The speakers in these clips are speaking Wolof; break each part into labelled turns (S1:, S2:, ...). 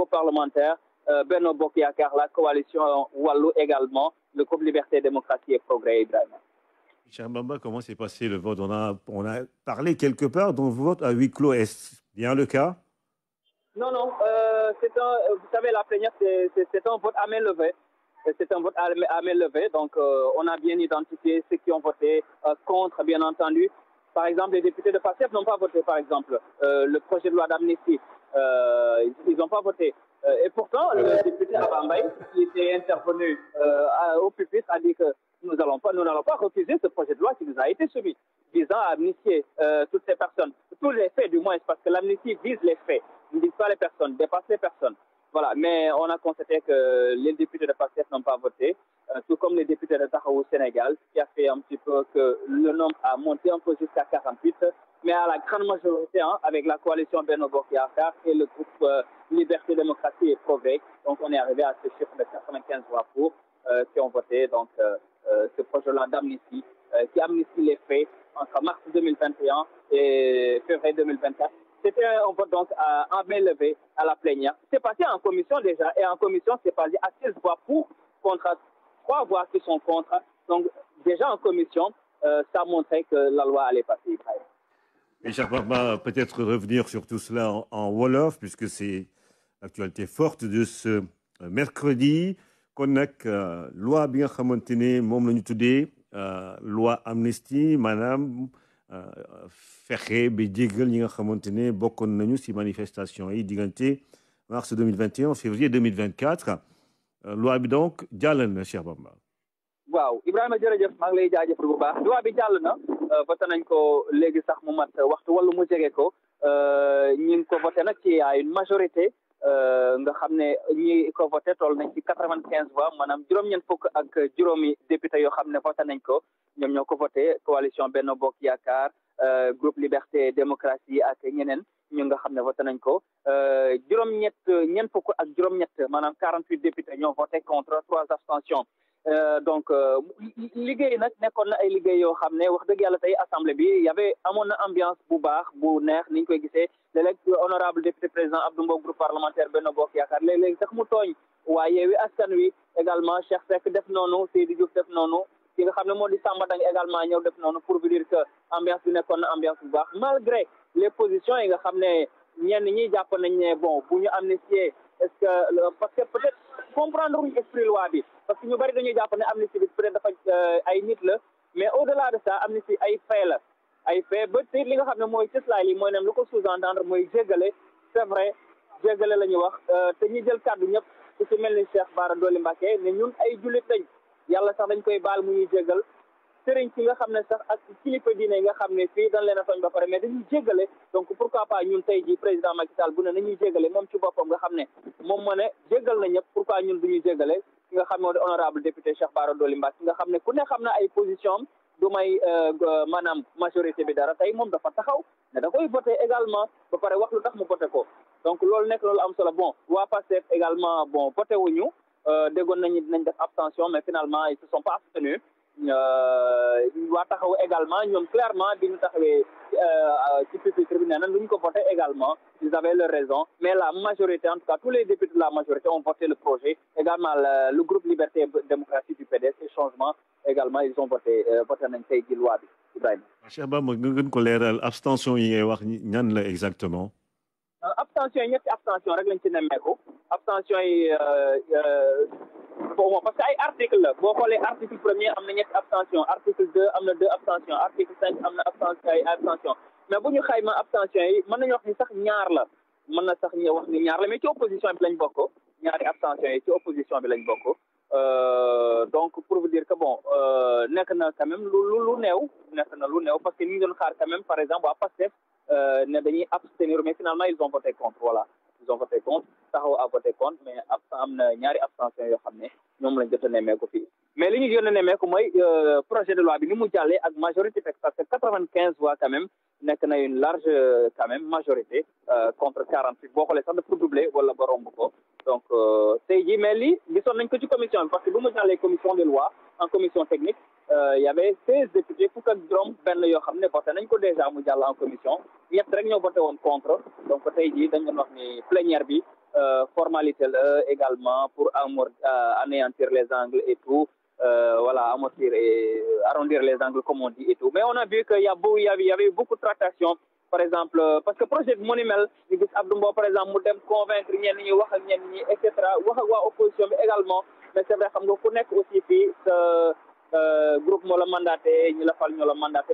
S1: groupes parlementaires, euh, Benno Bokyakar, la coalition Wallou également, le groupe Liberté, Démocratie et Progrès, Ibrahim.
S2: Cher Bamba, comment s'est passé le vote on a, on a parlé quelque part d'un vote à huis clos. Est-ce bien le cas
S1: Non, non. Euh, c'est un vote à Donc, euh, on a bien identifié ceux qui ont voté euh, contre, bien entendu. Par exemple, les députés de PASSEF n'ont pas voté, par exemple, le projet de loi d'amnistie. Euh, ils n'ont pas voté. Euh, et pourtant, le député Abambaï, qui était intervenu euh, au pupitre, a dit que nous n'allons pas, nous n'allons pas refuser ce projet de loi qui nous a été soumis, visant à amnistier toutes ces personnes, tous les faits du moins, parce que l'amnistie vise les faits, ne pas les personnes, dépasse les personnes. Voilà, mais on a constaté que les députés de PASTEF n'ont pas voté, tout comme les députés de Tahoe Sénégal, qui a fait un petit peu que le a mais à la grande majorité hein, avec la coalition Beno Bokyakar et le groupe euh, Liberté, Démocratie et Progrès. Donc on est arrivé à ce chiffre de 95 voix pour euh, qui ont donc euh, euh, ce projet-là d'amnistie qui amnistie les faits entre mars et février C'était un vote donc à, à main à la plénière. C'est passé en commission déjà et en commission c'est passé à 6 voix pour contre trois voix qui sont contre. Donc déjà en commission, ça montrait que la loi allait passer.
S2: Mais cher papa, peut-être revenir sur tout cela en, en Wolof, puisque c'est l'actualité forte de ce euh, mercredi. kon nag euh, loi bi nga xamante ne moom la ñu tuddee euh, loi amnistie maanaam fexe ba jégal ñi nga xamante ne bokkoon nañu si manifestation yi diggante mars 2021 février 2024 loi bi donc jàll na Cheikh Bamba
S1: waaw Ibrahima jërëjëf maa ngi lay jaajëfal bu baax loi bi jàll na Euh, voté nañ ko léegi sax mu mat waxtu wala mu jege ko euh, ñi ngi ko voté nag ci à une majorité euh, nga xam ne ñi ko voté toll nañ ci quatre-vingt-quinze voix maanaam juróom-ñeent fukk ak juróomi député yo xam ne voté nañ ko ñoom ñoo ko voté coalition Benno Bokk Yaakaar groupe Liberté Démocratie ak ñeneen ñu nga xam ne voté nañ ko juróom-ñett ñeent fukk ak juróom-ñett maanaam quarante-huit députés ñoo voté contre trois abstentions Euh, donc euh, liggéey nag nekkoon na ay liggéey yoo xam ne wax dëgg yàlla tey assemblée bi y avait amoon na ambiance bu baax bu neex niñ ñu koy gisee léeg-léeg honorable député président Abdou Mbow groupe parlementaire Benno Bokk Yaakaar léeg-léeg sax mu tooñ waaye Yewwi Askan Wi également Cheikh Seck def noonu Seydou Diouf def noonu ki nga xam ne moo di Samba Dang également ñëw def noonu pour bi dire que ambiance bi nekkoon na ambiance bu baax malgré les positions yi nga xam ne ñenn ñi jàpp nañ ne bon bu ñu amnistier comprendre wuñu esprit loi bi parce que ñu bari dañuy jàpp ne am bi peut-être dafa euh, ay nit la mais au-delà de ça amnistie ay fait la ay fait ba tey li nga xam ne mooy cëslaay li mooy nem lu ko sous-entendre mooy jéggale c'est vrai jéggale la ñu wax euh, te ñi jël kàddu ñëpp ku ci mel ni Cheikh Bara Dolly Mbacké ne ñun ay jullit lañ yàlla sax dañ koy baal mu ñuy jéggal sëriñ ci nga xam ne sax ak kilifa diine yi nga xam ne fii dañ a tooñ ba pare mais dañuy jéggale donc pourquoi pas ñun tey ji président Macky Sall bu ne nañuy jéggale moom ci boppam nga xam ne moom moo ne jéggal na ñëpp pourquoi ñun duñu jéggale ki nga xam ne moo di honorable député Cheikh Bara Dolly Mbacké nga xam ne ku ne xam na ay position am du may euh, maanaam majorité bi dara tey moom dafa taxaw ne da koy voté également ba pare wax lu tax mu voté ko donc loolu nekk loolu am solo bon waa Pastef également bon voté wuñu euh, déggoon nañu dinañ def abstention mais finalement ils se sont pas abstenus Euh, waa taxaw également ñoom clairement bi ñu taxawee euh, ci pupitre bi nee lu ñu ko voté également ils avaient leur raison mais la majorité en tout cas tous les députés de la majorité ont voté le projet également le groupe liberté et démocratie du PDS et changement également ils ont voté euh, voté nañ tey ji loi bi Ibrahima.
S2: Cheikh Bamba nga gën ko leeral abstention yi ngay wax ñan la exactement.
S1: abstention yi ñetti abstention rek lañ ci nemmeeku abstention yi. bon parce que ay article la boo xoolee article premier am na ñetti abstention article deux am na deux abstention article cinq am na abstention ay abstention mais bu ñu xayma abstention yi mën nañu wax ni sax ñaar la mën na sax ñu wax ni ñaar la mais ci opposition bi lañ bokk ñaari abstention yi ci opposition bi lañ bokk euh, donc pour vous dire que bon euh, nekk na quand même lu lu néew nekk na lu néew parce que ñu doon xaar quand par exemple waa PASTEF euh, ne dañuy abstenir mais finalement ils ont ils ont voté contre taxaw a voté contre mais ab am na ñaari abstention yoo xam ne ñoom lañ jot a nemmeeku fii mais li ñu jot a nemmeeku mooy euh, projet de loi bi ni mu jàllee ak majorité fekk parce que quatre-vingt-quinze voix quand même nekk na une large euh, quand même majorité euh, contre quarante six boo xoolee sax dafa doublé wala ba romb ko donc tey jii mais lii gisoon nañ ko ci commission parce que bu mu jàllee commission de loi en commission technique Euh, y avait seize députés fukk ak juróom benn yoo xam ne voté nañ ko déjà mu jàll en commission ñett rek ñoo voté woon contre donc tey jii dañ doon wax ni plénière bi euh, formalité la également pour amor euh, anéantir les angles et tout voilà amortir et arrondir les angles comme on dit et mais on a vu que y a beau y avait y avait beaucoup de par exemple parce que projet bi mu ni mel ñu gis par exemple mu dem convaincre ñenn ñi wax ak ñenn ñi et cetera wax ak waa opposition bi également nekk aussi fii Euh, groupe moo la mandaté ñu la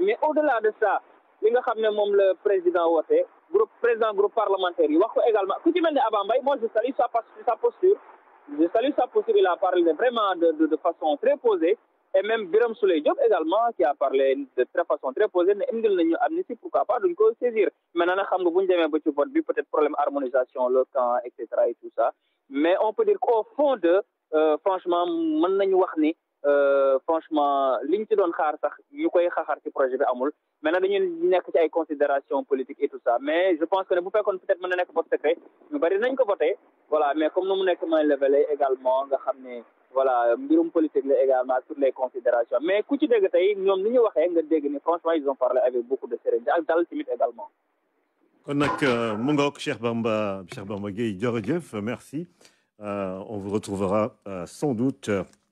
S1: mais au delà de ça li nga xam ne moom la président woote groupe président groupe parlementaire yi wax ko également ku ci mel ne Abba Mbaye moi je salue sa sa posture je salue sa posture il a parlé vraiment de de, de façon très posée et même Birame Souleye Diop également qui a parlé de très façon très posée ne indil nañu amnistie pourquoi pas duñ ko saisir maintenant nag xam nga bu ñu demee ba ci bi peut problème harmonisation et cetera et tout ça mais on peut euh, wax ni Euh, franchement liñ ci doon xaar sax ñu koy xaxar ci projet bi amul mais nag nekk ci ay considération politique et tout ça mais je pense que ne bu fekkoon peut-être mën na nekk vote secret bari nañ ko voté voilà mais comme nu mu nekk main levée également nga xam ne voilà mbirum politique la également toutes les considérations mais ku ci dégg tey ñoom ni ñu waxee nga dégg ni franchement ils ont parlé avec beaucoup de sérénité ak dal tamit
S2: également kon nag euh, mu